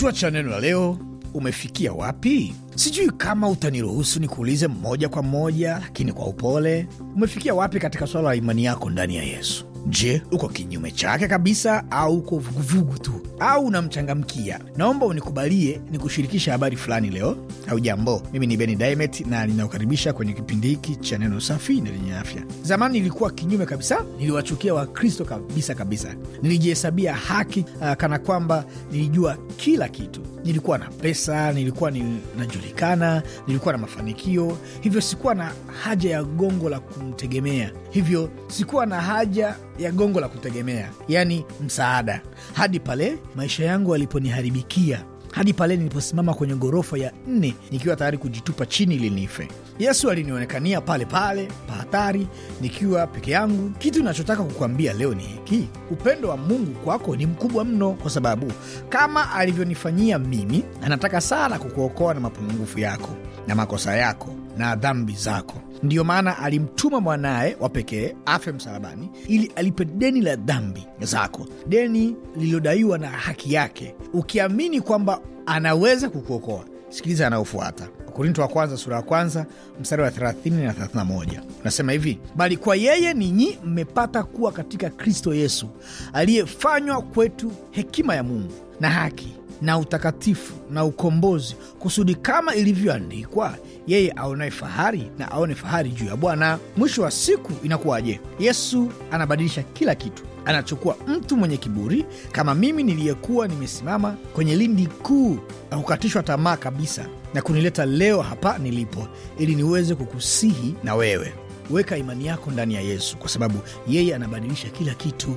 Kichwa cha neno la leo, umefikia wapi? Sijui kama utaniruhusu nikuulize moja kwa moja, lakini kwa upole, umefikia wapi katika swala la imani yako ndani ya Yesu? Je, uko kinyume chake kabisa au uko vuguvugu tu? au unamchangamkia. Naomba unikubalie ni kushirikisha habari fulani leo au jambo. Mimi ni Beni Dimet na ninakukaribisha kwenye kipindi hiki cha neno safi na lenye afya. Zamani nilikuwa kinyume kabisa, niliwachukia Wakristo kabisa kabisa, nilijihesabia haki uh, kana kwamba nilijua kila kitu. Nilikuwa na pesa, nilikuwa ninajulikana, nilikuwa na mafanikio, hivyo sikuwa na haja ya gongo la kumtegemea, hivyo sikuwa na haja ya gongo la kutegemea, yani msaada, hadi pale maisha yangu aliponiharibikia hadi pale niliposimama kwenye ghorofa ya nne nikiwa tayari kujitupa chini ili nife. Yesu alinionekania pale pale pa hatari, nikiwa peke yangu. Kitu nachotaka kukuambia leo ni hiki: upendo wa Mungu kwako ni mkubwa mno, kwa sababu kama alivyonifanyia mimi, anataka sana kukuokoa na mapungufu yako na makosa yako na dhambi zako. Ndiyo maana alimtuma mwanaye wa pekee afe msalabani, ili alipe deni la dhambi zako, deni lililodaiwa na haki yake, ukiamini kwamba anaweza kukuokoa. Sikiliza anayofuata Wakorinto wa kwanza sura ya kwanza mstari wa 30 na 31, unasema hivi: bali kwa yeye ninyi mmepata kuwa katika Kristo Yesu, aliyefanywa kwetu hekima ya Mungu na haki na utakatifu na ukombozi, kusudi kama ilivyoandikwa, yeye aonaye fahari na aone fahari juu ya Bwana. Mwisho wa siku inakuwaje? Yesu anabadilisha kila kitu. Anachukua mtu mwenye kiburi kama mimi niliyekuwa nimesimama kwenye lindi kuu na kukatishwa tamaa kabisa, na kunileta leo hapa nilipo, ili niweze kukusihi na wewe. Weka imani yako ndani ya Yesu, kwa sababu yeye anabadilisha kila kitu